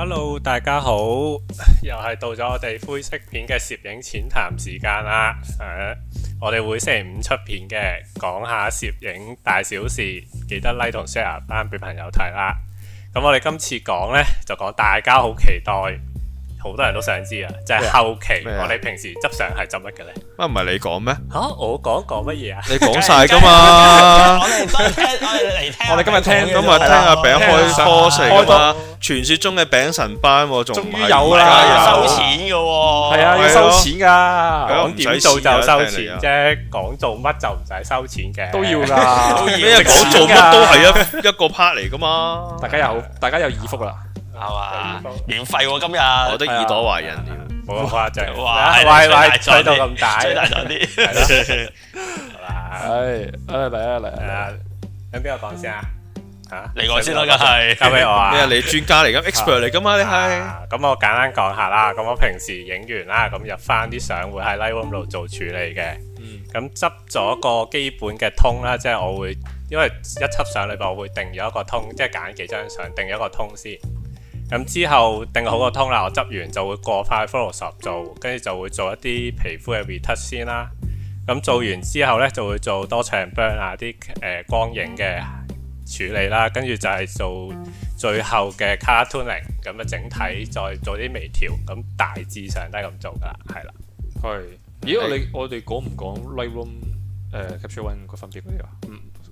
Hello，大家好，又係到咗我哋灰識片嘅攝影淺談時間啦。誒、啊，我哋會星期五出片嘅，講下攝影大小事，記得 like 同 share 翻俾朋友睇啦。咁、嗯、我哋今次講呢，就講大家好期待。好多人都想知啊，就係後期我哋平時執相係執乜嘅咧？乜唔係你講咩？嚇，我講講乜嘢啊？你講晒㗎嘛？我哋今日聽，我哋嚟聽。我哋今日聽，今日聽下餅開科四啦。開到傳説中嘅餅神班，仲有收錢嘅喎。係啊，要收錢㗎。講點做就收錢啫，講做乜就唔使收錢嘅。都要㗎。講做乜都係一一個 part 嚟㗎嘛。大家有，大家有耳福啦。係嘛？免費，今日我都耳朵懷孕添，冇咁誇張哇！喂喂，尺度咁大，大啲。係誒，嚟啊嚟啊！響邊度講先啊吓，嚟我先咯，梗係交俾我啊！你係專家嚟噶，expert 嚟噶嘛。你係咁，我簡單講下啦。咁我平時影完啦，咁入翻啲相會喺 Lightroom 度做處理嘅。咁執咗個基本嘅通啦，即係我會因為一輯相裏邊我會定咗一個通，即係揀幾張相定咗一個通先。咁、嗯、之後定好個 tone 啦，我執完就會過去 Photoshop 做，跟住就會做一啲皮膚嘅 retouch 先啦。咁做完之後呢，就會做 dodge and burn 啊啲誒、呃、光影嘅處理啦，跟、啊、住就係做最後嘅 color tuning。咁嘅整體、嗯、再做啲微調，咁、啊、大致上都係咁做㗎啦，係啦。係，咦？我哋我哋講唔講 Lightroom 誒、uh, capture one 個分別㗎？嗯。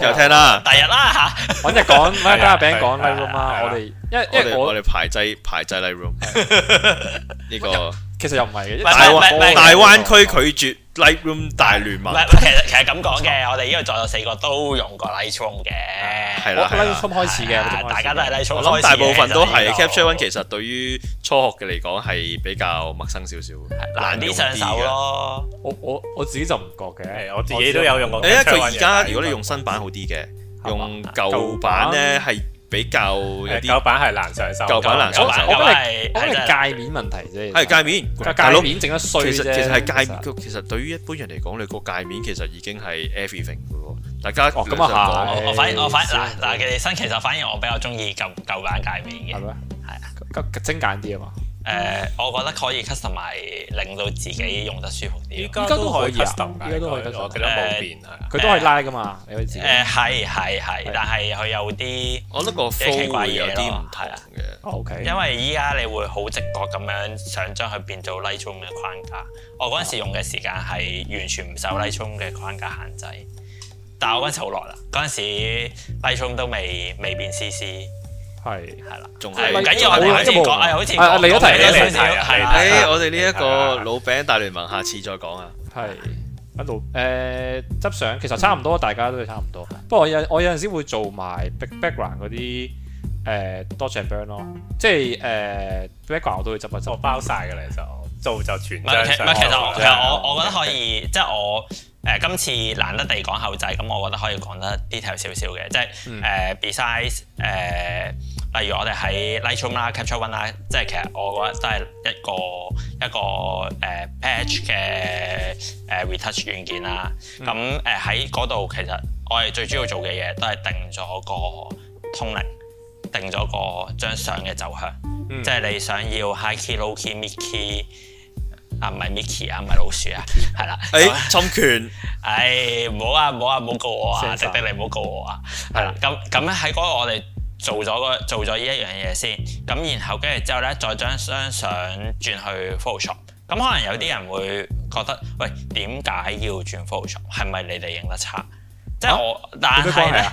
又聽啦，第日天啦，揾 日講，揾家餅講 Lightroom 啊！啊我哋，因為我哋排擠排擠 Lightroom 呢、 呢個，其實又唔係嘅，因為大灣區拒絕。Lightroom 大聯盟，其實其實咁講嘅，我哋呢個在座四個都用過 Lightroom 嘅，係啦，開始嘅？大家都係 Lightroom。我諗大部分都係，Capture One 其實對於初學嘅嚟講係比較陌生少少，難啲上手咯。我我我自己就唔覺嘅，我自己都有用過。誒，佢而家如果你用新版好啲嘅，用舊版咧係。比較有啲舊版係難上手，舊版難上手，我覺得係我覺得係界面問題啫，係界面，大老闆整得衰其實其實係介，其實對於一般人嚟講，你個界面其實已經係 everything 噶喎。大家哦咁啊嚇，我反我反嗱嗱其實新，其實反而我比較中意舊舊版界面嘅。係咩？係啊，精簡啲啊嘛。誒，我覺得可以 custom 埋，令到自己用得舒服啲。依家都可以啊，依家都可以 custom。我覺得冇變，佢都係 light 噶嘛，你可以知。誒係係係，但係佢有啲，我都覺得好奇怪嘢，有啲唔同嘅。OK。因為依家你會好直覺咁樣想將佢變做 Lightroom 嘅框架。我嗰陣時用嘅時間係完全唔受 Lightroom 嘅框架限制，但係我嗰陣時好耐啦。嗰陣時 Lightroom 都未未變 CC。係係啦，仲係緊要話題，下次講。哎，好似嚟咗題，嚟咗題。係，我哋呢一個老餅大聯盟，下次再講啊。係喺度誒執相，其實差唔多，大家都係差唔多。不過我有我有陣時會做埋 big background 嗰啲誒 Dodge and Burn 咯，即係誒 background 我都會執啊，我包晒嘅啦。就，實做就全。唔其實我我覺得可以，即係我誒今次難得地二講後製，咁我覺得可以講得 detail 少少嘅，即係誒 besides 誒。例如我哋喺 Lightroom 啦、Capture One 啦，即係其實我覺得都係一個一個誒 patch 嘅誒 retouch 軟件啦。咁誒喺嗰度其實我哋最主要做嘅嘢都係定咗個通靈，定咗個張相嘅走向。嗯，即係你想要 High Key、Low Key、Mickey 啊？唔係 Mickey 啊？唔係老鼠啊？係啦，誒侵權，誒唔好啊唔好啊唔好告我啊！迪迪你唔好告我啊！係啦，咁咁咧喺嗰度我哋。做咗個做咗呢一樣嘢先，咁然後跟住之後咧，再將張相轉去 Photoshop。咁可能有啲人會覺得，喂，點解要轉 Photoshop？係咪你哋影得差？即係、啊、我，但係咧，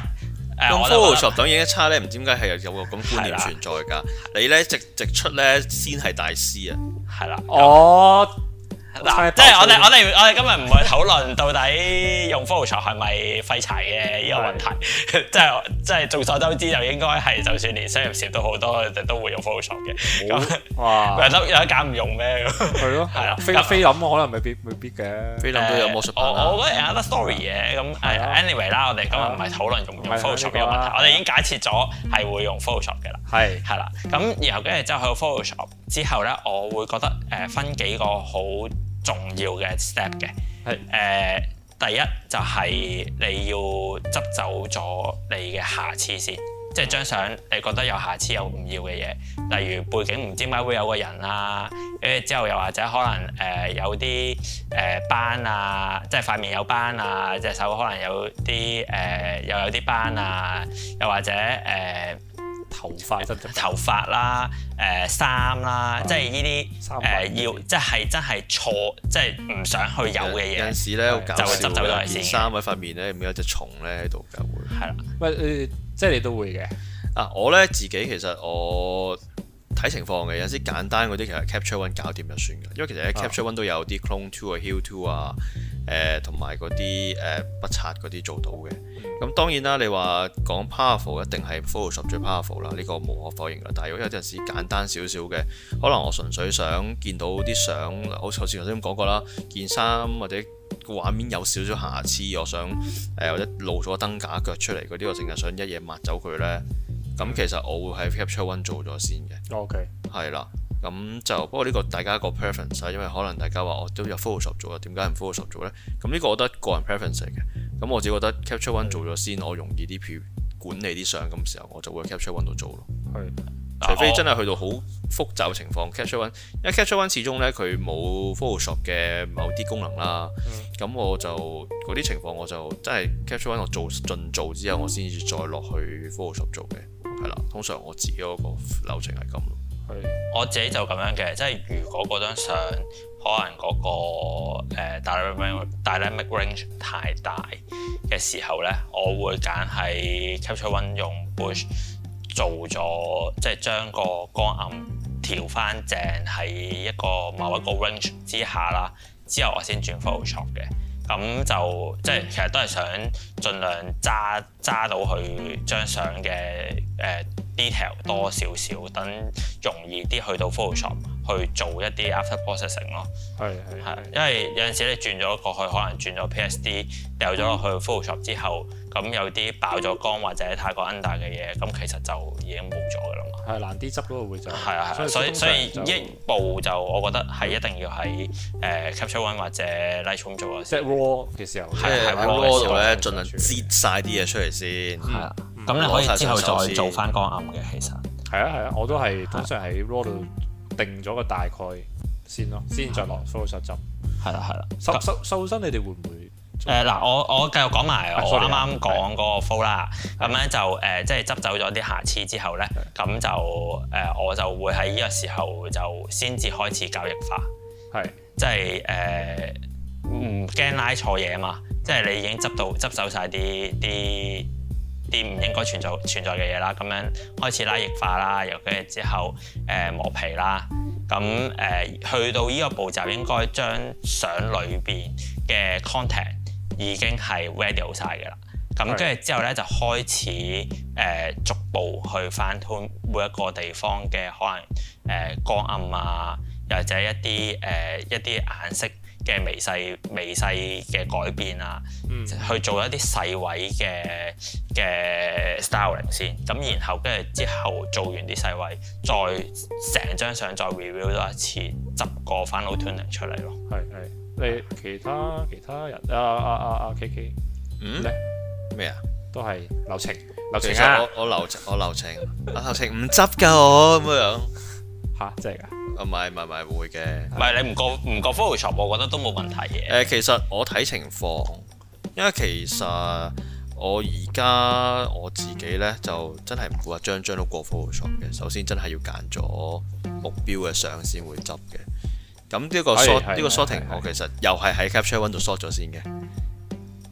用 Photoshop 咁影得差咧，唔知點解係有個咁觀念，存在㗎？的 你咧直直出咧先係大師啊，係啦，我。嗱，即係我哋我哋我哋今日唔去討論到底用 Photoshop 係咪廢柴嘅呢個問題，即係即係眾所周知就應該係，就算連商業時都好多，佢哋都會用 Photoshop 嘅。咁哇，唔係得有得揀唔用咩？係咯，係啊，菲林可能未必未必嘅。菲林都有冇熟？我我覺得有得 story 嘅。咁 anyway 啦，我哋今日唔係討論用唔用 Photoshop 呢個問題，我哋已經假設咗係會用 Photoshop 嘅啦。係係啦。咁然後咧跟住之後去到 Photoshop 之後咧，我會覺得誒分幾個好重要嘅 step 嘅，誒是、呃、第一就係、是、你要執走咗你嘅瑕疵先，即係張相你覺得有瑕疵又唔要嘅嘢，例如背景唔知點解會有個人啊，跟住之後又或者可能誒、呃、有啲誒、呃、斑啊，即係塊面有斑啊，隻手可能有啲誒、呃、又有啲斑啊，又或者誒。呃頭髮質，頭髮啦，誒衫啦，即係呢啲誒要，即係真係錯，即係唔想去有嘅嘢。有陣時咧好搞笑，件先對。三位塊面咧，唔知有，有一隻蟲咧喺度㗎會。係啦的，唔係、呃、即係你都會嘅。啊，我咧自己其實我。睇情況嘅，有啲簡單嗰啲其實 Capture One 搞掂就算嘅，因為其實喺 Capture One 都有啲 Clone Tool 啊、Heal Tool 啊、誒同埋嗰啲誒筆刷嗰啲做到嘅。咁當然啦，你話講 Powerful 一定係 Photoshop 最 Powerful 啦，呢個無可否認啦。但係如果有啲陣時簡單少少嘅，可能我純粹想見到啲相，好似頭先咁講過啦，件衫或者個畫面有少少瑕疵，我想誒或者露咗燈架腳出嚟嗰啲，我淨係想一嘢抹走佢咧。咁、嗯、其實我會喺 Capture One 做咗先嘅、哦、OK，係啦。咁就不過呢個大家一個 preference，因為可能大家話我都有 Photoshop 做啦，點解唔 Photoshop 做呢？咁呢個我覺得個人 preference 嚟嘅。咁我自己覺得 Capture One 做咗先，的我容易啲管理啲相咁時候，我就會 Capture One 度做咯。的除非真係去到好複雜情況，Capture One，的因為 Capture One 始終呢，佢冇 Photoshop 嘅某啲功能啦。咁、嗯、我就嗰啲情況我就真係 Capture One 我做盡做之後我做，我先至再落去 Photoshop 做嘅。係啦，通常我自己嗰個流程係咁咯。係我自己就咁樣嘅，即係如果嗰張相可能嗰個、呃、dynamic range 太大嘅時候咧，我會揀喺 Capture One 用 Bush 做咗，即係將個光暗調翻正喺一個某一個 range 之下啦。之後我先轉 Photoshop 嘅。咁就即係其實都係想盡量揸揸到佢張相嘅、誒 detail 多少少，等容易啲去到 Photoshop 去做一啲 after processing 咯。係係，係，因為有陣時你轉咗過去，可能轉咗 PSD 掉咗落去 Photoshop 之後，咁有啲爆咗光或者太過 under 嘅嘢，咁其實就已經冇咗㗎啦。係難啲執咯，會就係啊係啊，所以所以一步就我覺得係一定要喺誒 Capture One 或者 Lightroom 做啊，即係 raw 嘅時候，即係喺 raw 度咧盡量截晒啲嘢出嚟先。係啊，咁你可以之後再做翻光暗嘅，其實係啊係啊，我都係通常喺 raw 度定咗個大概先咯，先再落 Photoshop。係啦係啦，修修修身你哋會唔會？誒嗱、呃，我我繼續講埋我啱啱講嗰個 f 啦，咁咧就誒即係執走咗啲瑕疵之後咧，咁的就誒、呃、我就會喺呢個時候就先至開始交易化，係的即係誒唔驚拉錯嘢啊嘛，即係你已經執到執走晒啲啲啲唔應該存在存在嘅嘢啦，咁樣開始拉液化啦，跟住之後誒、呃、磨皮啦，咁誒、呃、去到呢個步驟應該將相裏邊嘅 content 已經係 ready 好晒嘅啦，咁跟住之後咧就開始誒、呃、逐步去 fine tune 每一個地方嘅可能誒、呃、光暗啊，又或者一啲誒、呃、一啲顏色嘅微細微細嘅改變啊，嗯、去做一啲細位嘅嘅 styling 先，咁然後跟住之後做完啲細位，再成張相再 review 多一次，執個 fine tuning 出嚟咯。係係。你其他其他人啊啊啊啊 K K，嗯？咩啊呢？麼都係流程流程啊！其實我我流程我流程， 流程唔執㗎我咁樣吓，真係㗎？唔係唔係唔會嘅，唔係是你唔過唔過 Photoshop，我覺得都冇問題嘅。誒、呃，其實我睇情況，因為其實我而家我自己咧就真係唔會話張張都過 Photoshop 嘅。首先真係要揀咗目標嘅相先會執嘅。咁呢個疏呢個 sorting，我其實又係喺 Capture One 度 sort 咗先嘅。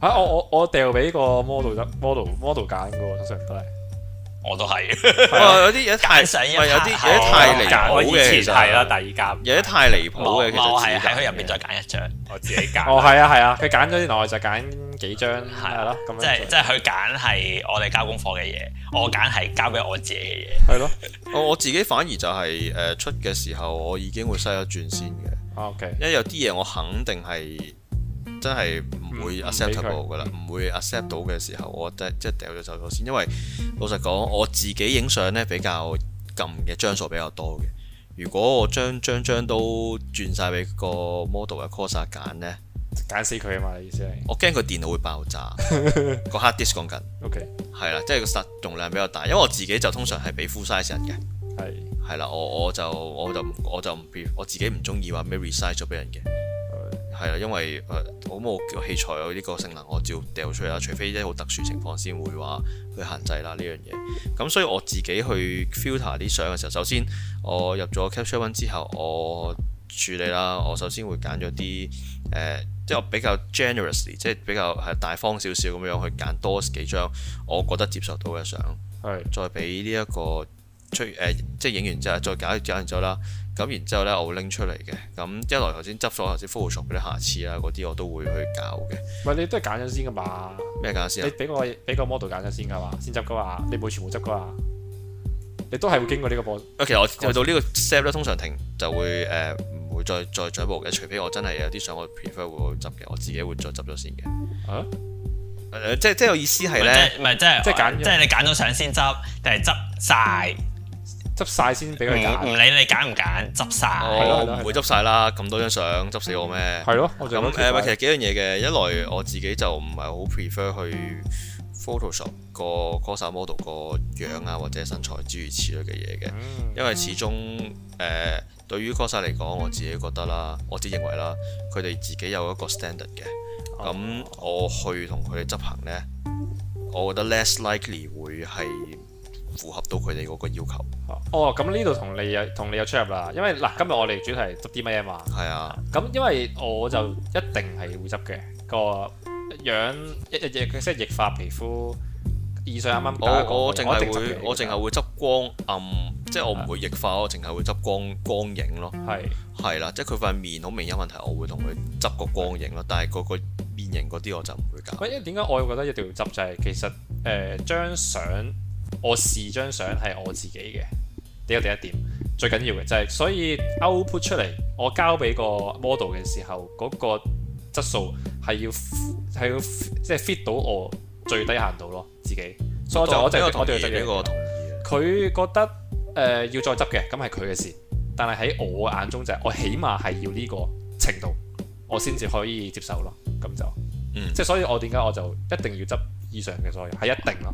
嚇！我我我掉俾個 model 得 model model 揀嘅喎，通常都係。我都係。有啲太揀上一，有啲太離譜嘅，係啦，第二夾。有啲太離譜嘅，其實我係喺入邊再揀一張，我自己揀。哦，係啊，係啊，佢揀咗啲耐，就揀幾張，係咯。即係即係佢揀係我哋交功課嘅嘢，我揀係交俾我自己嘅嘢。係咯。我自己反而就係誒出嘅時候，我已經會篩一轉先嘅。Okay. 因為有啲嘢我肯定係真係唔會 acceptable 㗎啦，唔、嗯嗯、會 accept 到嘅時候，我即係即係掉咗手頭先。因為老實講，我自己影相呢，比較撳嘅張數比較多嘅。如果我將張張都轉晒俾個 model 嘅 c o u r s e r 揀咧，揀死佢啊嘛！你意思係我驚佢電腦會爆炸， 個 hard disk 講緊。O K，係啦，即係個實容量比較大，因為我自己就通常係俾 full size 人嘅。係。係啦，我我就我就我就唔我自己唔中意話咩 resize 咗俾人嘅，係啊 Right.，因為誒好冇器材，有呢個性能我照掉出啦，除非一啲好特殊情況先會話去限制啦呢樣嘢。咁所以我自己去 filter 啲相嘅時候，首先我入咗 Capture One 之後，我處理啦，我首先會揀咗啲誒，即係我比較 generously，即係比較係大方少少咁樣去揀多幾張我覺得接受到嘅相，係 Right. 再俾呢一個。出誒，即係影完之後再揀搞完咗啦。咁然之後咧，後我會拎出嚟嘅。咁一來頭先執咗，頭先復熟嗰啲瑕疵啦，嗰啲我都會去搞嘅。唔係你都係揀咗先噶嘛？咩揀咗先？你俾個俾個 model 揀咗先噶嘛？先執噶嘛？你唔會全部執噶嘛？你都係會經過呢個波啊，其實我去到呢個 step 咧，通常停就會誒唔、呃、會再再再進一步嘅，除非我真係有啲相我 prefer 會執嘅，我自己會再執咗先嘅即誒，即即係我意思係咧，唔係、即係、即係即係揀，即係你揀到相先執定係執晒？執曬先俾佢揀，唔理、嗯、你揀唔揀，執晒？我唔會執晒啦，咁多張相執死我咩？係咯，咁誒，其實幾樣嘢嘅，一來我自己就唔係好 prefer 去 Photoshop 個 coser model 個樣啊，或者身材諸如此類嘅嘢嘅，嗯、因為始終誒、嗯呃、對於 coser 嚟講，我自己覺得啦，嗯、我只認為啦，佢哋自己有一個 standard 嘅，咁 Okay. 我去同佢哋執行咧，我覺得 less likely 會係。符合到佢哋嗰個要求。哦，咁呢度同你有同你有出入啦，因為嗱，今日我哋主題執啲咩啊嘛。係啊。咁因為我就一定係會執嘅個樣，一亦即係液化皮膚以上啱啱。我我淨係會我淨係會執光暗，即係我唔會液化，我淨係會執光光影咯。係。係啦，即係佢塊面好明顯有問題，我會同佢執個光影咯。但係個個面型嗰啲我就唔會搞。喂，因為點解我覺得一定要執就係其實誒張相。我試張相係我自己嘅，呢個第一點最緊要嘅就係，所以 Output 出嚟，我交俾個 model 嘅時候，嗰、那個質素係要係要即係 fit 到我最低限度咯，自己。所以我就、哦、我就是、個同意我對呢樣嘢，佢覺得誒、呃、要再執嘅，咁係佢嘅事。但係喺我眼中就係、是，我起碼係要呢個程度，我先至可以接受咯。咁就，即係、嗯、所以我點解我就一定要執以上嘅所有，係一定咯。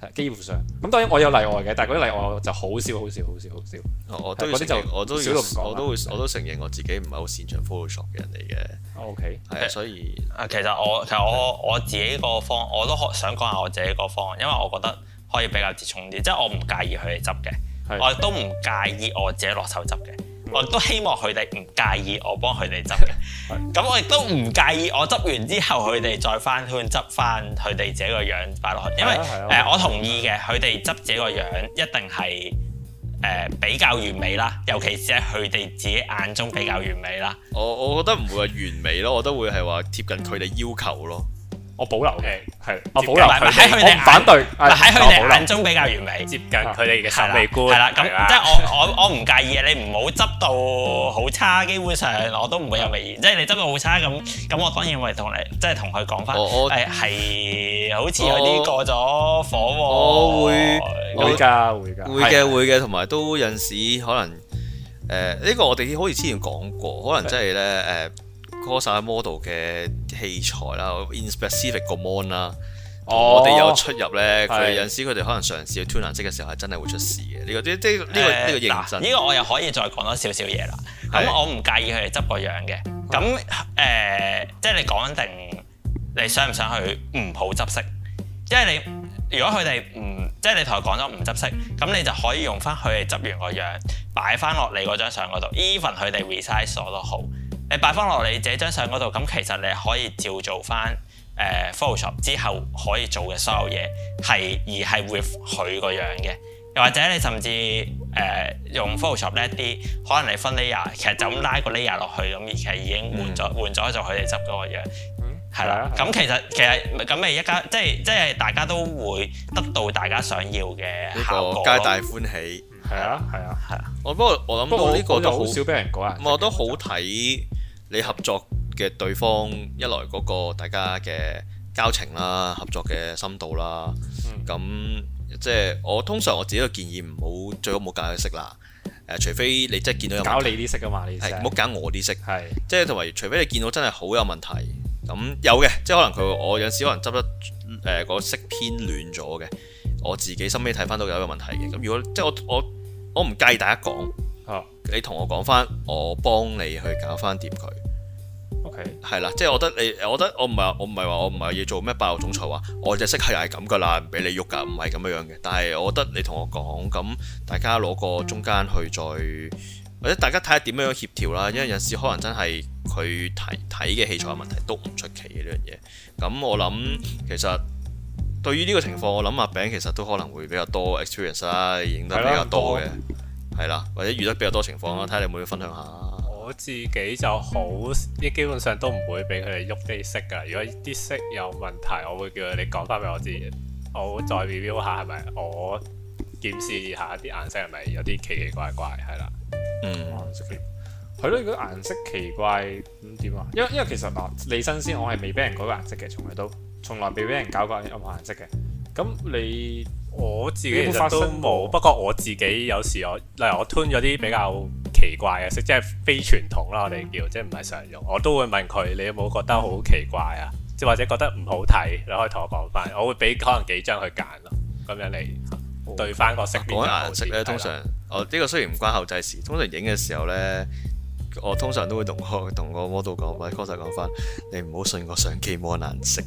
係基本上，咁當然我有例外嘅，但係嗰啲例外就好少好少好少好少。我我都嗰啲就少唔講。我都，都我都我，都會我都承認我自己唔係好擅長 Photoshop 人嚟嘅。OK，係，所以啊，其實我其實我我自己個方，我都想講下我自己個方案，因為我覺得可以比較節重啲，即、就、係、是、我唔介意佢哋執嘅，是我都唔介意我自己落手執嘅。我都希望佢哋唔介意我幫佢哋執嘅，咁 是我亦都唔介意我執完之後佢哋再翻去執翻佢哋自己個樣落去，因為誒、呃、我同意嘅，佢哋執自己個樣一定係誒、呃、比較完美啦，尤其是喺佢哋自己眼中比較完美啦。我我覺得唔會話完美咯，我都會係話貼近佢哋要求咯。我保留嘅係，我保留。唔喺佢哋眼，反對。喺佢哋眼中比較完美，接近佢哋嘅審美觀。係啦，咁即係我我我唔介意，你唔好執到好差。基本上我都唔會有微言，即係你執到好差咁，咁我反而會同你即係同佢講翻。哦哦。誒係好似有啲過咗火喎。我會會㗎會㗎。會嘅會嘅，同埋都有時可能誒呢個我哋好似之前講過，可能即係咧誒。歌手 model 嘅器材啦 in specific、哦、個 mon 啦，我哋有出入咧。佢的有時佢哋可能嘗試去調顏色嘅時候，係真係會出事嘅。呢、呢個呢呢呢個呢、呃、個認真。呢、呃呢個我又可以再講多少少嘢啦。咁我唔介意佢哋執個樣嘅。咁誒是、呃，即係你講定，你想唔想去唔好執色？即係你如果佢哋唔即係你同我講咗唔執色，咁你就可以用翻佢哋執完個樣擺翻落嚟嗰張相嗰度。Even 佢哋 resize 咗都好。你擺翻落你自己張相嗰度，咁其實你可以照做翻。誒 Photoshop 之後可以做嘅所有嘢係而係會佢個樣嘅，又或者你甚至誒、呃、用 Photoshop 叻啲，可能你分 layer 其實就咁拉個 layer 落去，咁其實已經換咗、嗯、換咗就佢哋執嗰個樣，係啦、嗯。咁的其實其實咁咪一家即係即係大家都會得到大家想要嘅效果，皆大歡喜。係啊係啊係啊！我不過我諗到呢個都，都，少都好少俾人講啊。我覺得好睇。你合作嘅對方一來嗰個大家嘅交情啦，合作嘅深度啦，咁、嗯、即係我通常我自己個建議唔好，最好冇揀佢色啦。誒、呃，除非你即係見到有搞你啲色啊嘛，你唔好揀我啲色。係是，即係同埋除非你見到真係好有問題。咁有嘅，即係可能佢我有時可能執得誒個、呃、色偏暖咗嘅，我自己心尾睇翻到有一個問題嘅。咁如果即係我我我唔介意大家講。你同我講翻，我幫你去搞翻掂佢。OK，係啦，即係我覺得你，我覺得我唔係話，我唔係話，我唔係話要做咩霸道總裁話，我隻色係又係咁㗎啦，唔俾你喐㗎，唔係咁樣樣嘅。但係我覺得你同我講，咁大家攞個中間去再或者大家睇下點樣協調啦，因為有時可能真係佢睇睇嘅器材問題都唔出奇嘅呢樣嘢。咁我諗其實對於呢個情況，我諗阿餅其實都可能會比較多 experience 啦，影得比較多嘅。係啦，或者遇得比較多情況啦，睇下你會唔會分享下？我自己就好，依基本上都唔會俾佢哋喐啲色噶。如果啲色有問題，我會叫佢哋講翻俾我自己。我再 review 下係咪，我檢視一下啲顏色係咪有啲奇奇怪怪，係啦。嗯，顏色係咯，如果顏色奇怪咁點啊？因為因為其實嗱，你新鮮，我係未俾人改過顏色嘅，從來都從來未俾人搞過任何顏色嘅。咁你？我自己其實都冇，不過我自己有時我例我 tune 咗啲比較奇怪嘅色，即係非傳統啦，我哋叫即係唔係常用，我都會問佢你有冇覺得好奇怪啊？即或者覺得唔好睇，你可以同我講翻，我會俾可能幾張去揀咯，咁樣嚟對翻個色，哦啊、色。嗰個顏色通常哦，呢個雖然唔關後製事，通常影嘅時候呢。我、哦、通常都會同我同我 model 講，或者 con 講翻，你唔好信個相機冇顏色。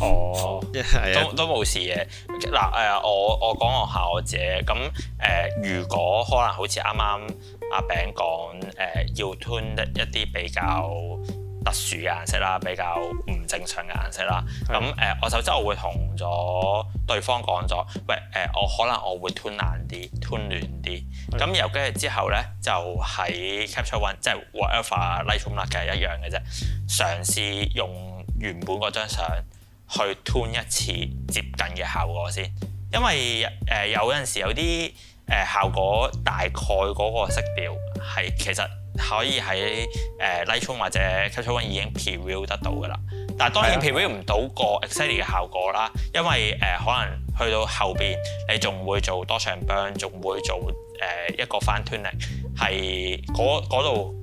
哦， 啊、都都冇事嘅。嗱、啊，誒、哎，我我講我下我姐咁誒，如果可能好似啱啱阿餅講誒，要 tune 一啲比較特殊嘅顏色啦，比較唔正常嘅顏色啦，咁誒，呃、首我就即係會同咗。對方講咗，喂誒，我可能我會 tune 爛啲，tune 亂啲，咁，然後跟住之後咧，就喺 capture one，即係 whatever lightroom 啦，其實一樣嘅啫。嘗試用原本嗰張相去 tune 一次接近嘅效果先，因為誒有陣時有啲誒效果大概嗰個色調係其實可以喺誒 lightroom 或者 capture one 已經 preview 得到㗎啦。但係當然 preview 唔到個 exciting 嘅效果啦，因為誒、呃、可能去到後邊你仲會做 dodge and burn，仲會做誒、呃、一個翻 toning，係嗰度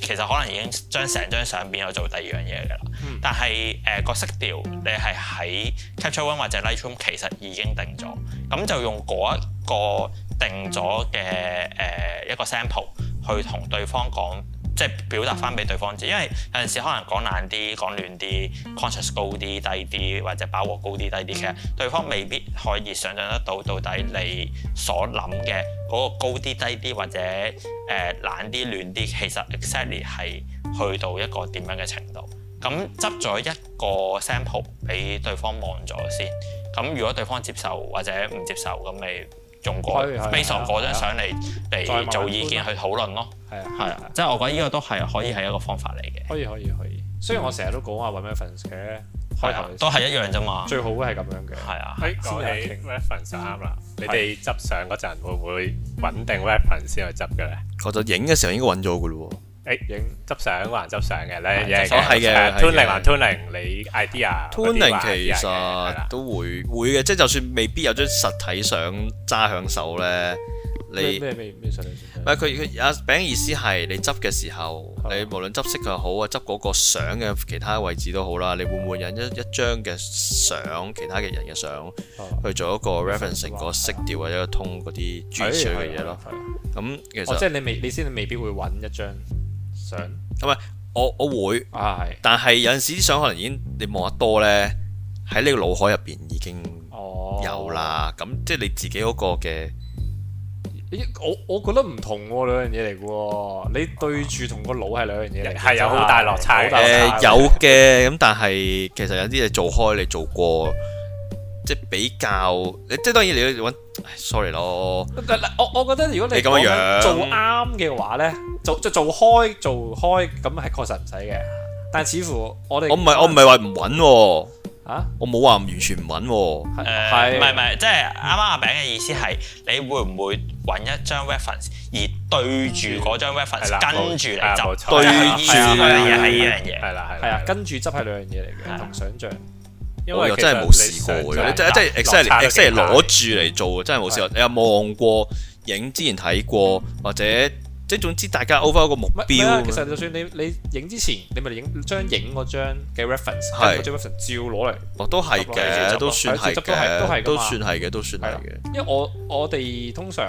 其實可能已經將成張相變咗做第二樣嘢嘅啦。但係誒個色調你係喺 capture one 或者 lightroom 其實已經定咗，咁就用嗰、呃、一個定咗嘅誒一個 sample 去同對方講。即係表達翻俾對方知，因為有陣時可能講冷啲、講亂啲、contrast 高啲、低啲，或者飽和高啲、低啲嘅，對方未必可以想像得到到底你所諗嘅嗰個高啲、低啲，或者誒冷啲、亂啲，其實 exactly 係去到一個點樣嘅程度。咁執咗一個 sample 俾對方望咗先，咁如果對方接受或者唔接受，咁你，用過 basic 嗰張相嚟嚟做意見去討論咯，係啊，係啊，即係我覺得呢個都係可以係一個方法嚟嘅。可以可以可以。雖然我成日都講話揾 reference 嘅，開頭都係一樣啫嘛。最好嘅係咁樣嘅，係啊。喺講起 reference 啱啦，你哋執相嗰陣會唔會揾定 reference 先去執嘅咧？我就影嘅時候應該揾咗㗎啦喎。誒，影執相還執相嘅咧，所以，係嘅，tuning 還 tuning，你 idea，tuning 其實都會會嘅，即係就算未必有張實體相揸響手咧，你咩咩咩實體唔係佢佢阿餅意思係你執嘅時候，你無論執色佢又好啊，執嗰個相嘅其他位置都好啦，你會唔會引一一張嘅相，其他嘅人嘅相去做一個 reference，成個色調或者通嗰啲專業嘅嘢咯？咁其實即係你未你先你未必會揾一張。咁啊！我我會，啊、但係有陣時啲相可能已經你望得多呢，喺呢個腦海入邊已經有啦。咁即係你自己嗰個嘅、嗯欸，我我覺得唔同、啊、兩樣嘢嚟嘅。你對住同個腦係兩樣嘢，嚟。係有好大落差。啊、有嘅，咁但係其實有啲嘢做開你做過，即係比較。即係當然你 sorry 咯，我我覺得如果你咁樣做做啱嘅話咧，做就做開做開咁係確實唔使嘅，但似乎我哋我唔係我唔係話唔搵喎，我冇話完全唔搵喎，係唔係唔係，即係啱啱阿餅嘅意思係你會唔會搵一張 reference 而對住嗰張 reference 跟住你就對住呢樣嘢係呢樣嘢，係啦係係啊跟住執係兩樣嘢嚟嘅，同想象。因為我又真係冇試過喎，即係 exactly，攞住嚟做，真係冇試過。你有望過影之前睇過，或者即係總之大家 over 個目標。其實就算你你影之前，你咪影張影嗰張嘅 reference，係照攞嚟，哦都係嘅，都算係都係都算係嘅，都算係嘅。因為我我哋通常，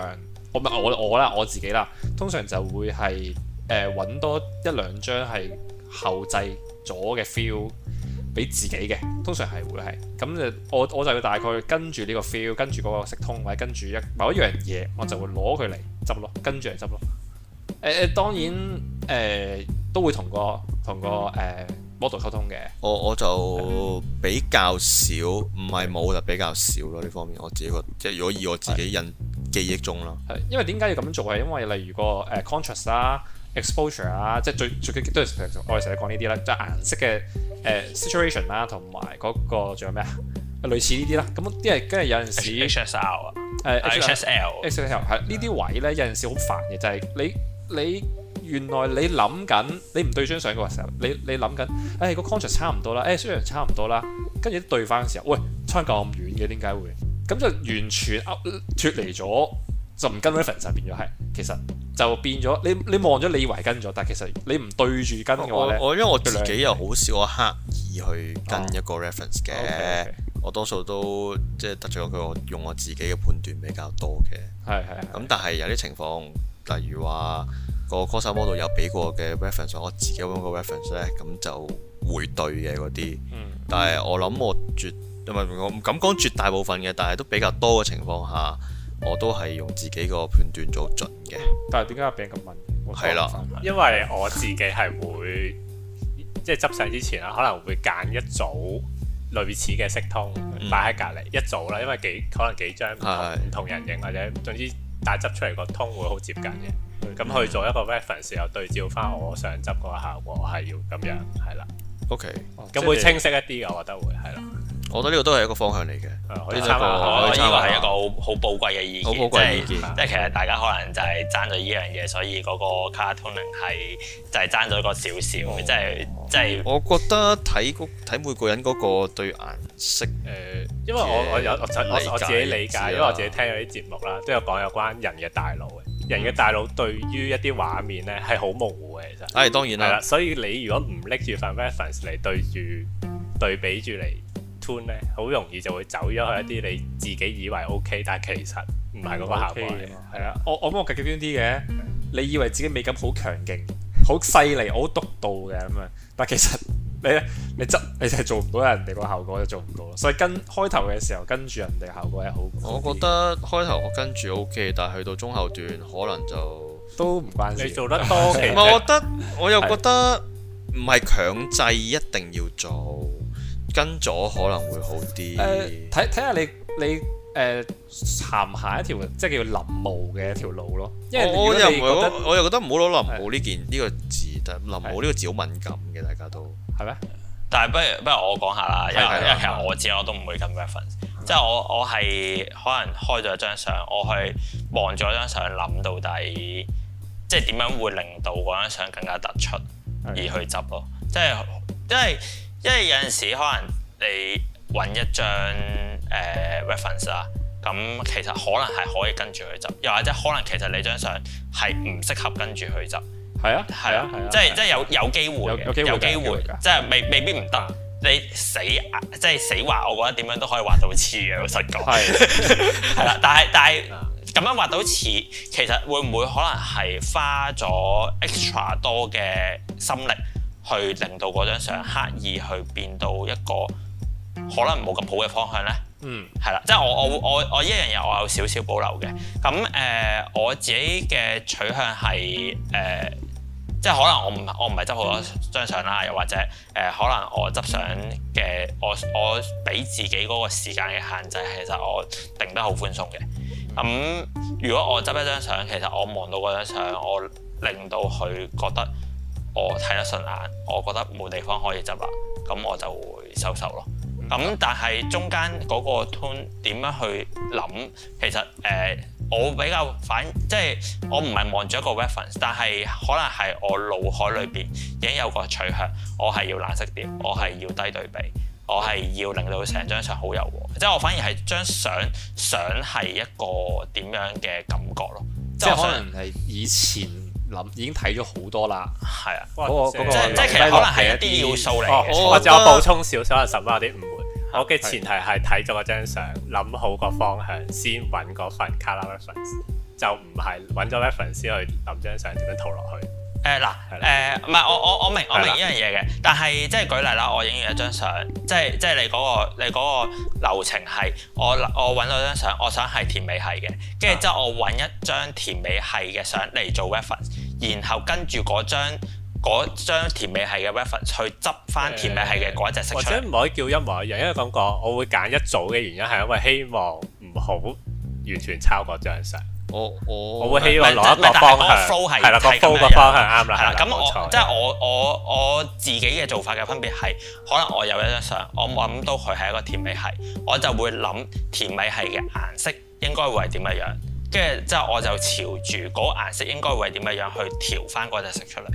我咪我我啦，我自己啦，通常就會係誒揾多一兩張係後製咗嘅 feel。俾自己嘅，通常係會係，咁就我我就要大概跟住呢個 feel，跟住嗰個色調，或者跟住一某一樣嘢，我就會攞佢嚟執咯，跟住嚟執咯。誒、呃、誒，當然誒、呃、都會同個同個誒 model 溝通嘅。呃、我我就比較少，唔係冇就比較少咯。呢方面我自己覺，即係如果以我自己印記憶中咯。係，因為點解要咁做係因為例如個誒 contrast 啦。呃 Cont exposure 啊，即係最最都係我哋成日講呢啲啦，即係顏色嘅誒 situation 啦，同埋嗰個仲有咩啊？類似呢啲啦，咁因為跟住有陣時，HSL 啊，誒 HSL，HSL 係呢啲位咧有陣時好煩嘅，就係你你原來你諗緊你唔對張相嘅時候，你你諗緊，誒個 contrast 差唔多啦，誒色調差唔多啦，跟住對翻嘅時候，喂，差咁遠嘅，點解會？咁就完全脫離咗，就唔跟 reference 變咗係其實。就變咗，你你望咗你以為跟咗，但其實你唔對住跟嘅話呢，我，我因為我自己又好少我刻意去跟一個 reference 嘅，啊、okay, okay. 我多數都即係得罪佢，我、就、用、是、我自己嘅判斷比較多嘅，係係。咁但係有啲情況，例如話個歌手 model 有俾過嘅 reference，是我自己揾個 reference 呢，咁就會對嘅嗰啲。嗯、但係我諗我絕唔係我唔敢講絕大部分嘅，但係都比較多嘅情況下。我都係用自己個判斷做準嘅，但係點解俾人咁問？係啦，的因為我自己係會即係、就是、執相之前啊，可能會揀一組類似嘅色通擺喺隔離一組啦，因為幾可能幾張唔同，的同人影或者總之，但係執出嚟個通會好接近嘅，咁的去做一個 reference 又、嗯、對照翻我想執嗰個效果係要咁樣係啦。OK，咁、哦、會清晰一啲嘅，我覺得會係啦。我覺得呢個都係一個方向嚟嘅，可以參考，我覺得依個係一個好寶貴嘅意見，即係即係其實大家可能就係爭咗依樣嘢，所以嗰個卡通能係就係爭咗一個少少，即係即係。我覺得睇睇每個人嗰個對顏色誒、呃，因為我我有我我，我自己理解，因為我自己聽咗啲節目啦，都有講有關人嘅大腦嘅人嘅大腦對於一啲畫面咧係好模糊嘅，其實係、哎、當然啦，所以你如果唔拎住份 reference 嚟對住對比住嚟。穿好容易就會走咗去一啲你自己以為 OK，但係其實唔係嗰個效果嘅。係啊了，我我冇極端啲嘅。D, 你以為自己美感好強勁、好細膩、好獨到嘅咁啊，但其實你你執你,你就做唔到人哋個效果，就做唔到。所以跟開頭嘅時候跟住人哋效果係好。好我覺得開頭我跟住 OK，但係去到中後段可能就都唔關事。你做得多，嘅，我覺得我又覺得唔係強制一定要做。跟咗可能會好啲、呃。誒，睇睇下你你誒行下一一條即係叫臨摹嘅條路咯。我我又唔覺得，哦、我又覺得唔好攞臨摹呢件呢是個字，但臨摹呢個字好敏感嘅，大家都係咩？嗎但係不如不如我講下啦，因為因為其實我自己的我都唔會咁 reference。即係我我係可能開咗一張相，我去望咗張相，諗到底即係點樣會令到嗰張相更加突出，的的而去執咯。即係即係。即因為有陣時可能你揾一張誒 reference 啊，咁、呃、其實可能係可以跟住佢執，又或者可能其實你張相係唔適合跟住佢執。係啊，係 啊，即係即係有的有機會，有機會，即係未未，未必唔得。你死即係、就是、死畫，我覺得點樣都可以畫到似嘅，老實講。係 對。係啦， 但係但係咁樣畫到似， 其實會唔會可能係花咗 extra 多嘅心力？去令到嗰張相刻意去變到一個可能冇咁好嘅方向呢？嗯，係啦，即係我我我我一樣有有少少保留嘅，咁誒、呃、我自己嘅取向係誒、呃，即係可能我唔我唔係執好多張相啦，又或者誒、呃、可能我執相嘅我我俾自己嗰個時間嘅限制，其實我定得好寬鬆嘅，咁如果我執一張相，其實我望到嗰張相，我令到佢覺得。我睇得順眼，我覺得冇地方可以執啦，咁我就會收手咯。咁、嗯、但係中間嗰個 tone 點樣去諗？其實誒、呃，我比較反，即係我唔係望住一個 reference，但係可能係我腦海裏邊已經有個取向，我係要藍色調，我係要低對比，我係要令到成張相好柔和，嗯、即係我反而係張相想係一個點樣嘅感覺咯，即係可能係以前。諗已經睇咗好多啦，係啊，即係其實可能係一啲要素嚟。我我再補充少少，可能十分有啲誤會。我嘅前提係睇咗嗰張相，諗好個方向先揾嗰份 colour reference，就唔係揾咗 reference 先去諗張相點樣套落去。誒嗱誒，唔係我我我明我明呢樣嘢嘅，但係即係舉例啦，我影完一張相，即係即係你嗰個你嗰個流程係我我揾咗張相，我想係甜美，係嘅，跟住之後我揾一張甜美，係嘅相嚟做 reference。然後跟住嗰張甜美系嘅 reference 去執翻甜美系嘅嗰隻色，或者唔可以叫一模一樣，因為咁講，我會揀一組嘅原因係因為希望唔好完全抄嗰張相。我我、哦哦、我會希望攞、嗯、一個方向，係啦，個 flow 個方向啱啦。係啦，咁我即係錯我我我自己嘅做法嘅分別係，可能我有一張相，我諗到佢係一個甜美系，我就會諗甜美系嘅顏色應該會係點嘅樣。跟住之後我就朝住嗰個顏色應該會點樣去調翻嗰隻色出嚟，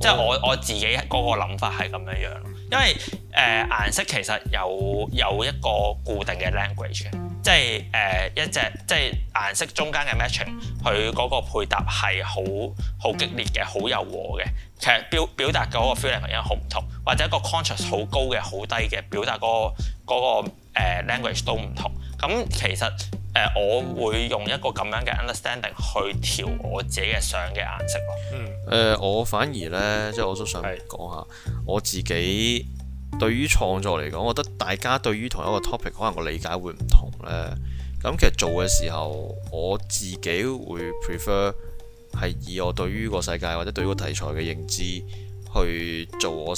即係我我自己嗰個諗法係咁樣樣，因為誒顏、呃、色其實有有一個固定嘅 language 嘅、呃，即係誒一隻即係顏色中間嘅 matching，佢嗰個配搭係好好激烈嘅，好柔和嘅，其實表表達嗰個 feel 係因為好唔同，或者個 contrast 好高嘅，好低嘅，表達嗰、嗰個嗰、嗰個 language 都唔同，咁其實。我會用一個咁樣嘅 understanding 去調我自己嘅相嘅顏色咯。嗯、呃，我反而呢，即係我都想講下是我自己對於創作嚟講，我覺得大家對於同一個 topic 可能個理解會唔同呢。咁其實做嘅時候，我自己會 prefer 係以我對於個世界或者對於個題材嘅認知去做我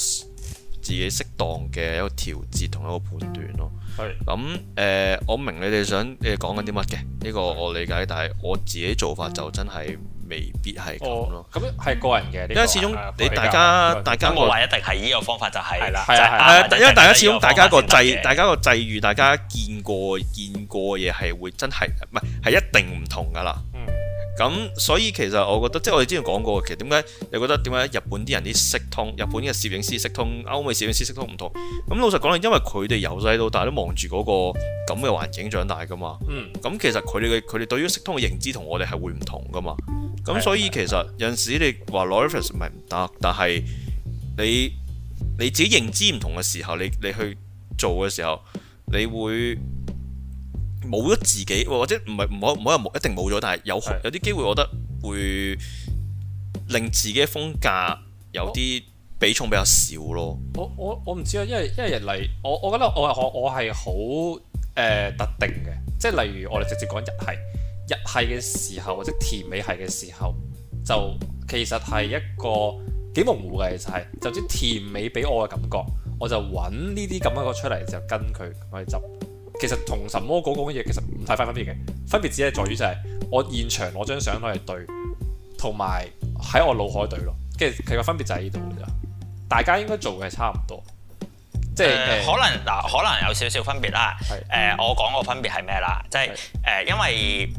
自己適當嘅一個調節同一個判斷咯。係咁誒，我明你哋想你哋講緊啲乜嘅呢個我理解，但係我自己做法就真係未必係咁咯。咁係個人嘅，這個、因為始終、啊、你大家較大家、嗯、冇話一定係呢個方法就係係啦。誒、嗯，因為大家始終大家個際，大家個際遇，大家見過見過嘅嘢係會真係唔係係一定唔同㗎喇。嗯咁所以其實我覺得，即係我哋之前講過，其實點解你覺得點解日本啲人啲色通，日本嘅攝影師色通，歐美攝影師色通唔同？咁老實講，因為佢哋由細到大都望住嗰個咁嘅環境長大噶嘛。咁、嗯、其實佢哋嘅佢哋對於色通嘅認知我同我哋係會唔同噶嘛。咁、嗯、所以其實有陣時你話 Lawrence 唔係唔得，但係你你自己認知唔同嘅時候，你你去做嘅時候，你會。冇咗自己，或者唔係唔可唔可又冇一定冇咗，但係有的有啲機會，我覺得會令自己嘅風格有啲比重比較少咯。我我我唔知啊，因為因為例如我我覺得我係我係好誒特定嘅，即係例如我哋直接講日系，日系嘅時候或者甜美系嘅時候，就其實係一個幾模糊嘅就係，就只、是、甜美俾我嘅感覺，我就揾呢啲咁一個出嚟就跟佢去執。其實同什麼講嘅嘢其實唔太翻分別嘅，分別只係在於就係我現場攞張相攞嚟對，同埋喺我腦海對咯。其實佢個分別就係呢度，大家應該做嘅係差唔多，即係、呃、可能嗱、呃，可能有少少分別啦。誒是、呃，我講個分別係咩啦？即係誒是、呃，因為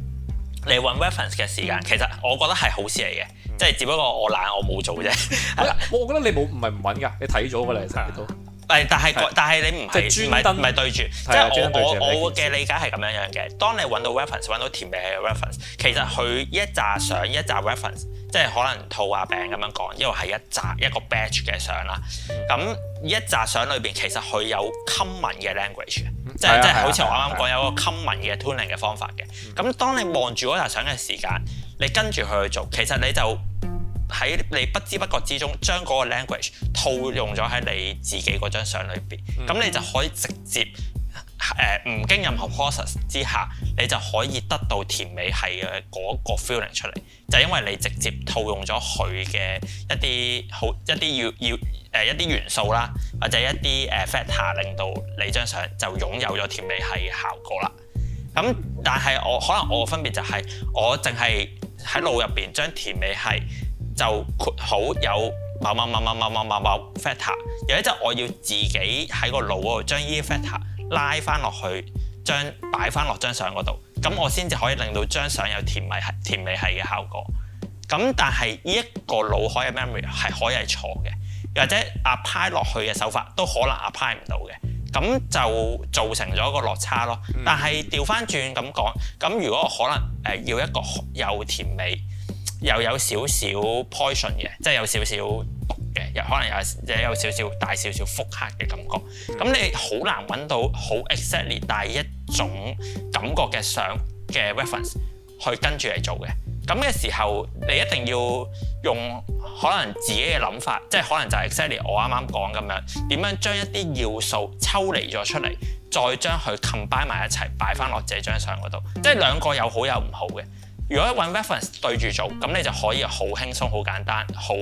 你揾 reference 嘅時間，其實我覺得係好事嚟嘅，嗯、即係只不過我懶，我冇做啫。嗯、 我覺得你冇唔係唔揾㗎，你睇咗㗎啦，差誒，但係，但係你唔係，唔係對住，的即係我我嘅理解係咁樣樣嘅。當你揾到 reference，揾到甜味嘅 reference，其實佢一紮相，一紮 reference，即係可能套話餅咁樣講，因為係一扎一個 batch 嘅相啦。咁、嗯、一紮相裏邊，其實佢有 common 嘅 language，嗯、即係即係好似我啱啱講有個 common 嘅 tuning 嘅方法嘅。咁、嗯、當你望住嗰紮相嘅時間，你跟住佢去做，其實你就，喺你不知不覺之中，將嗰個 language 套用咗喺你自己嗰張相裏邊，咁、mm hmm. 你就可以直接誒唔、呃、經任何 process 之下，你就可以得到甜美係嘅嗰個 feeling 出嚟，就是、因為你直接套用咗佢嘅一啲好一啲要要誒、呃、一啲元素啦，或者一啲誒 factor 令到你張相就擁有咗甜美係效果啦。咁但係我可能我嘅分別就係、是、我淨係喺腦入邊將甜美係。就好有某某某某某某 factor，亦即係我要自己喺個腦度將呢啲 factor 拉翻落去，將擺翻落張相嗰度，咁我先至可以令到張相有甜美係甜美係嘅效果。咁但係呢一個腦海嘅 memory 係可以係錯嘅，或者 apply 落去嘅手法都可能 apply 唔到嘅，咁就造成咗一個落差咯。但係調翻轉咁講，咁如果我可能誒要一個又甜美。又有少少 poison 嘅，即係有少少毒嘅，又可能又有，有少少大少少複刻嘅感覺。咁你好難揾到好 exactly 但係一種感覺嘅相嘅 reference 去跟住嚟做嘅。咁嘅時候，你一定要用可能自己嘅諗法，即係可能就係 exactly 我啱啱講咁樣，點樣將一啲要素抽離咗出嚟，再將佢 combine 埋一齊擺翻落自己張相嗰度。即係兩個有好有唔好嘅。如果揾 reference 對住做，咁你就可以好輕鬆、好簡單、好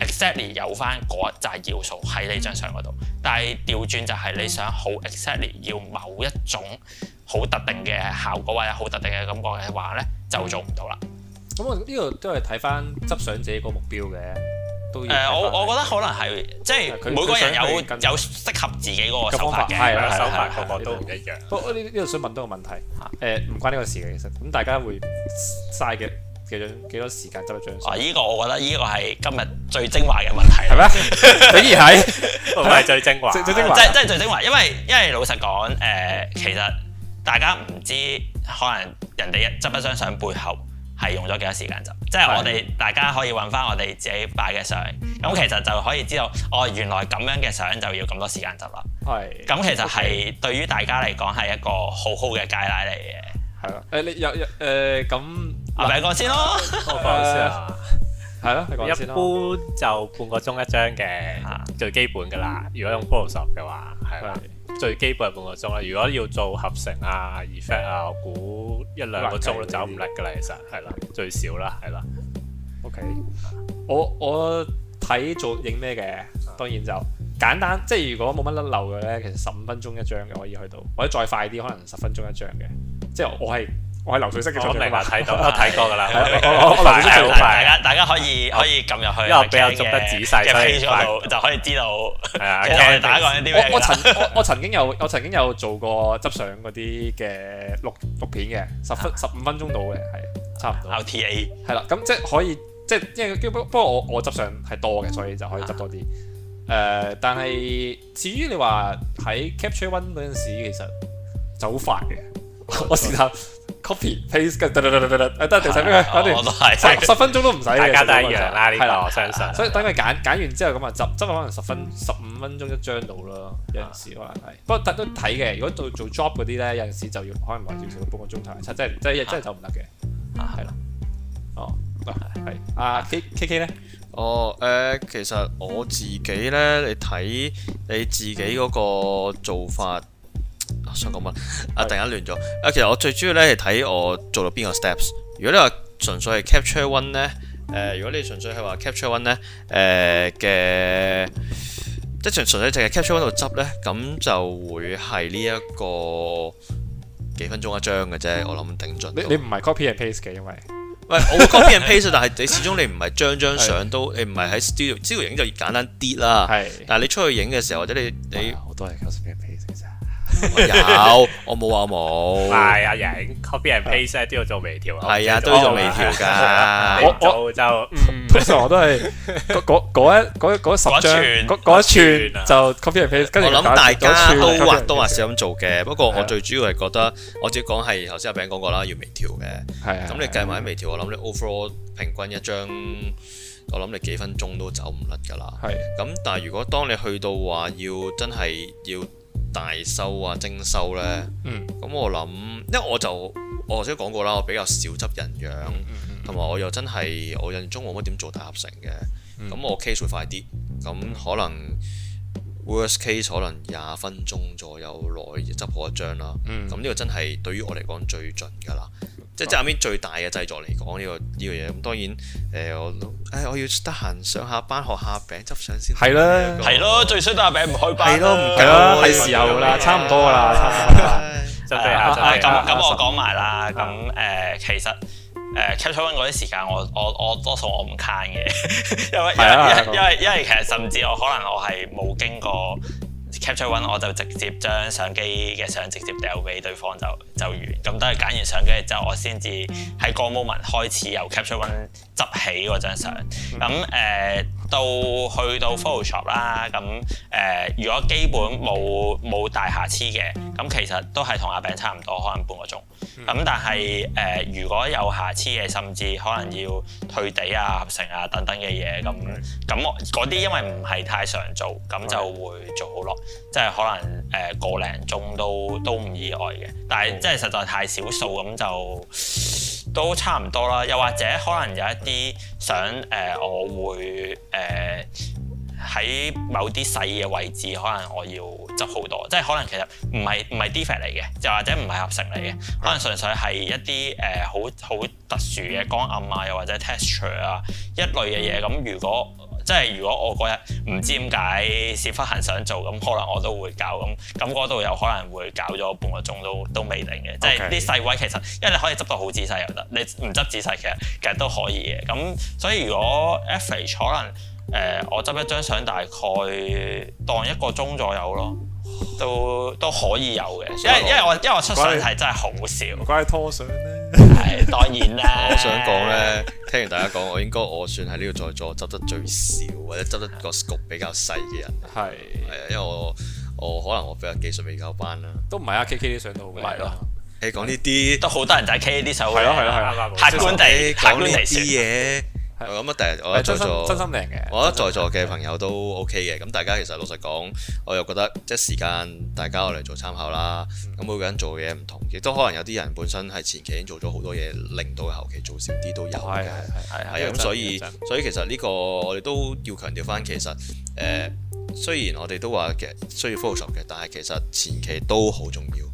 exactly 有翻嗰一紮要素喺你張相嗰度。但係調轉就係你想好 exactly 要某一種好特定嘅效果或者好特定嘅感覺嘅話咧，就做唔到啦。咁我呢度都係睇翻執相者個目標嘅。誒、呃，我我覺得可能係即係，每個人有有適合自己嗰個手法嘅。係啊，手法個個都唔一樣。不過呢呢度想問多個問題。誒、啊，唔關呢個事嘅，其實咁大家會嘥嘅幾多幾多時間執一張相？啊，依、這個我覺得依個係今日最精華嘅問題。係咩？比如係唔係最精華？ 最精華即。即係即係最精華，因為因為老實講，誒、呃，其實大家唔知可能人哋一執一張相背後。係用咗幾多時間就，即係我哋大家可以揾翻我哋自己擺嘅相，咁的其實就可以知道，哦原來咁樣嘅相就要咁多時間就啦。係的，咁其實係 Okay. 對於大家嚟講係一個好好嘅佳餚嚟嘅，係咯。誒、呃、你有有誒咁，呃呃、先我講先咯。我講先啊，係咯，一,一般就半個鐘一張嘅，最基本噶啦。如果用 Photoshop 嘅話，係的的最基本係半個鐘啦。如果要做合成啊、effect 啊，我估。一兩個鐘啦，走唔甩㗎喇，其實係啦，最少啦，係啦。OK，我我睇做影咩嘅，啊、當然就簡單，即係如果冇乜甩漏嘅呢，其實十五分鐘一張嘅可以去到，或者再快啲，可能十分鐘一張嘅，即係我係。我喺流水式嘅，我明睇到，我睇過噶啦。流水式最好快，大家大家可以可以撳入去，因為比較得仔細就可以知道。我我我我曾經有我曾經有做過執相嗰啲嘅錄錄片嘅，十分十五分鐘到嘅係差唔多。L T A 係啦，咁即係可以即係因為不不過我我執相係多嘅，所以就可以執多啲。誒，但係至於你話喺 Capture One 嗰陣時，其實就好快嘅。我試下。copy paste 跟得得得得得，得定使咩？佢都係十分鐘都唔使嘅，大家都一樣啦呢個，我相信。所以等佢揀揀完之後咁啊，執執可能十分十五分鐘一張到咯，有陣時可能係。不過都都睇嘅，如果做做 job 嗰啲咧，有陣時就要可能要成個半個鐘頭，真真真真走唔得嘅。啊，係啦。哦，啊係，係。阿 K K K 咧？哦，誒，其實我自己咧，你睇你自己嗰個做法。想講乜？啊、嗯、突然間亂咗。是的 啊，其實我最主要咧係睇我做到邊個 steps。如果你話純粹係 capture one 咧，誒，如果你純粹係話 capture one 咧，呃，誒嘅，即係純粹淨係 capture one 度執咧，咁就會係呢一個幾分鐘一張嘅啫。我諗頂盡你。你唔係 copy and paste 嘅，因為喂，我會 copy and paste， 但係你始終你唔係張張相都，是的 你唔係喺 studio studio 影就簡單啲啦。是的 但係你出去影嘅時候，或者你你好 多係 有我冇話冇，係啊，人 copy and paste 都要做微調，係啊都要做微調噶，我就通常我都係嗰嗰嗰一嗰嗰十一嗰嗰一寸就 copy and paste，跟住我諗大家都或多或少咁做嘅，不過我最主要係覺得我只講係頭先阿餅講過啦，要微調嘅，係咁你計埋微調，我諗你 overall 平均一張，我諗你幾分鐘都走唔甩噶啦，係咁但係如果當你去到話要真係要。大修啊，精修呢。咁、嗯嗯、我諗，因為我就我頭先講過啦，我比較少執人樣，同埋、嗯嗯嗯、我又真係我印象中冇乜點做大合成嘅，咁、嗯、我 case 會快啲，咁可能、嗯、worst case 可能廿分鐘左右內執好一張啦，咁呢、嗯、個真係對於我嚟講最盡㗎啦。即係，即係後面最大嘅製作嚟講呢個，呢個嘢，咁當然誒，我都我要得閒上下班學下餅執相先係啦，係咯，最衰都係餅唔開班，係咯，唔緊啦，係時候啦，差唔多㗎啦，就俾下咁，咁我講埋啦，咁誒，其實誒 Capture One 嗰啲時間我我我多數我唔 c 嘅，因為因為因為因為其實甚至我可能我係冇經過。Capture One 我就直接將相機嘅相直接掉俾對方就就完，咁都係揀完相機之後，我先至喺個 moment 開始由 Capture One 執起嗰張相，咁誒、mm。Hmm. 嗯呃到去到 Photoshop 啦，咁、呃、誒，如果基本冇冇大瑕疵嘅，咁其實都係同阿餅差唔多，可能半個鐘。咁、嗯、但係誒、呃，如果有瑕疵嘅，甚至可能要退地啊、合成啊等等嘅嘢，咁咁我嗰啲因為唔係太常做，咁就會做好耐，嗯、即係可能誒個零鐘都都唔意外嘅。但係即係實在太少數咁就。都差唔多啦，又或者可能有一啲想誒、呃，我會誒喺、呃、某啲細嘅位置，可能我要執好多，即係可能其實唔係，唔係 defect 嚟嘅，就或者唔係合成嚟嘅，可能純粹係一啲誒好好特殊嘅光暗啊，又或者 texture 啊一類嘅嘢咁，如果。即係如果我嗰日唔知點解屎忽痕想做，咁可能我都會搞咁，咁嗰度有可能會搞咗半個鐘都都未定嘅。即係啲細位其實，因為你可以執到好仔細又得，你唔執仔細其實其實都可以嘅。咁所以如果 FH 可能誒、呃，我執一張相大概當一個鐘左右咯。都都可以有嘅，因為因為我因為我出相係真係好少，唔係拖相咧，係當然啦。 我想講咧，聽完大家講，我應該我算係呢度在座執得最少或者執得個 scope 比較細嘅人，係係啊，因為我我，我可能我比較技術未夠班啦，都唔係啊，K K 啲相、啊、都好嘅，咪咯，你講呢啲都好多人就仔 K 呢首係咯係咯係，客觀地講啲嘢。咁啊！第日我覺得在座，我覺得在座嘅朋友都 OK 嘅。咁大家其實老實講，我又覺得即係時間，大家攞嚟做參考啦。咁、嗯、每個人做嘅嘢唔同，亦都可能有啲人本身係前期已經做咗好多嘢，令到後期做少啲都有嘅。係係啊！咁所以所以其實呢個我哋都要強調翻，其實誒、呃嗯、雖然我哋都話其實需要 Photoshop 嘅，但係其實前期都好重要。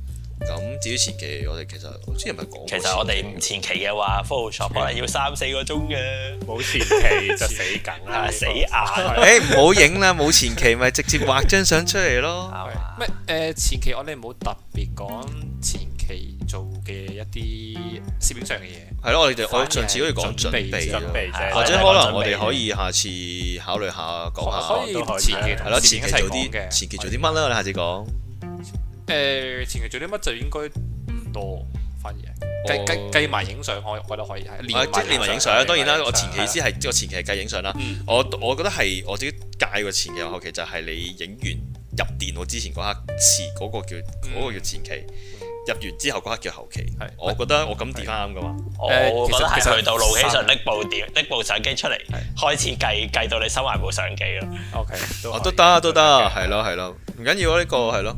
咁至於前期，我哋其實我知係咪講？其實我哋前期嘅話，Photoshop 可能要三四個鐘嘅，冇前期就死梗啦，死硬。誒唔好影啦，冇前期咪直接畫張相出嚟咯。咩誒前期我哋冇特別講前期做嘅一啲攝影上嘅嘢。係咯，我哋就我上次可以講準備，準備或者可能我哋可以下次考慮下講下都好，係咯，前期做啲前期做啲乜啦？我哋下次講。誒前期做啲乜就應該唔多，反而計計埋影相，我我覺得可以係即係連埋影相啦。當然啦，我前期先係即係我前期計影相啦。我我覺得係我自己計個前期同後期就係你影完入電腦之前嗰刻時嗰個叫嗰個叫前期，入完之後嗰刻叫後期。我覺得我咁定啱㗎嘛。我覺得係去到攞起上搦部電搦部相機出嚟開始計計到你收埋部相機咯。O K，都得都得，係咯係咯，唔緊要啊！呢個係咯。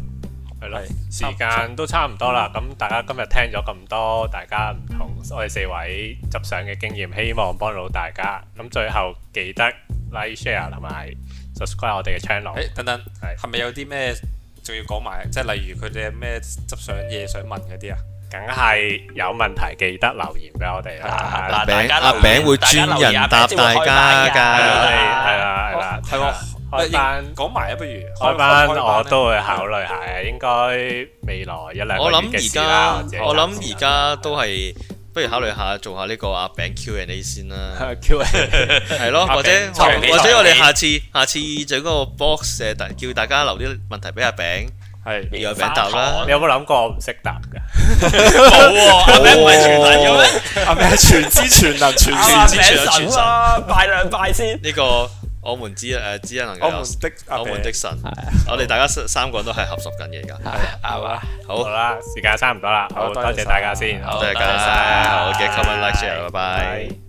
係咯，時間都差唔多啦。咁大家今日聽咗咁多，大家唔同我哋四位執相嘅經驗，希望幫到大家。咁最後記得 Like、Share 同埋 Subscribe 我哋嘅 channel。誒等等，係係咪有啲咩仲要講埋？即係例如佢哋咩執相嘢想問嗰啲啊，梗係有問題記得留言俾我哋啦。嗱，阿餅會專人答大家㗎，係啦係啦，開班講埋啊，不如開班我都會考慮下，應該未來一兩，我諗而家我諗而家都係不如考慮下做下呢個阿餅 Q&A 先啦，Q&A 係咯，或者或者我哋下次下次就嗰個 box 叫大家留啲問題俾阿餅，係俾阿餅答啦。你有冇諗過我唔識答㗎？冇阿餅唔係全能咗，阿餅全知全能全知全能神啦，拜兩拜先呢個。我們知誒知一能夠，我們的神，我哋大家三三個人都係合十緊嘅而家，好啦，好啦，時間差唔多啦，好多謝大家先，好，多謝大家，好嘅，comment like share，拜拜。